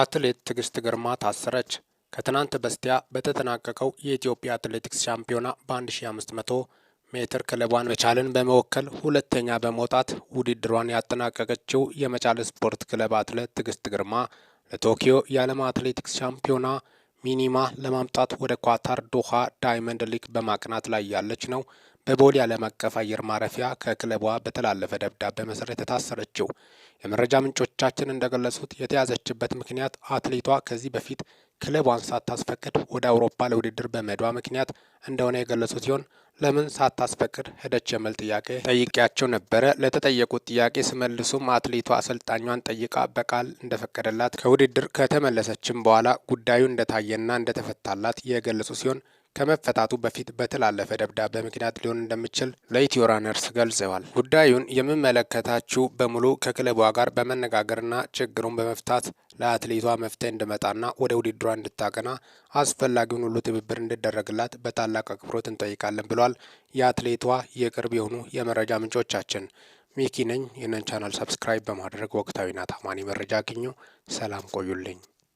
አትሌት ትዕግስት ግርማ ታሰረች። ከትናንት በስቲያ በተጠናቀቀው የኢትዮጵያ አትሌቲክስ ሻምፒዮና በ1500 ሜትር ክለቧን መቻልን በመወከል ሁለተኛ በመውጣት ውድድሯን ያጠናቀቀችው የመቻል ስፖርት ክለብ አትሌት ትዕግስት ግርማ ለቶኪዮ የዓለም አትሌቲክስ ሻምፒዮና ሚኒማ ለማምጣት ወደ ኳታር ዶሃ ዳይመንድ ሊግ በማቅናት ላይ ያለች ነው በቦሌ ዓለም አቀፍ አየር ማረፊያ ከክለቧ በተላለፈ ደብዳቤ መሰረት የታሰረችው። የመረጃ ምንጮቻችን እንደገለጹት የተያዘችበት ምክንያት አትሌቷ ከዚህ በፊት ክለቧን ሳታስፈቅድ ወደ አውሮፓ ለውድድር በመዷ ምክንያት እንደሆነ የገለጹ ሲሆን ለምን ሳታስፈቅድ ሄደች የሚል ጥያቄ ጠይቄያቸው ነበረ። ለተጠየቁት ጥያቄ ስመልሱም አትሌቷ አሰልጣኟን ጠይቃ በቃል እንደፈቀደላት ከውድድር ከተመለሰችም በኋላ ጉዳዩ እንደታየና እንደተፈታላት የገለጹ ሲሆን ከመፈታቱ በፊት በተላለፈ ደብዳቤ ምክንያት ሊሆን እንደሚችል ለኢትዮ ራነርስ ገልጸዋል። ጉዳዩን የምመለከታችሁ በሙሉ ከክለቧ ጋር በመነጋገርና ችግሩን በመፍታት ለአትሌቷ መፍትሄ እንዲመጣና ወደ ውድድሯ እንድታቀና አስፈላጊውን ሁሉ ትብብር እንድደረግላት በታላቅ አክብሮት እንጠይቃለን ብሏል። የአትሌቷ የቅርብ የሆኑ የመረጃ ምንጮቻችን ሚኪ ነኝ። ይህንን ቻናል ሰብስክራይብ በማድረግ ወቅታዊና ታማኒ መረጃ አግኙ። ሰላም ቆዩልኝ።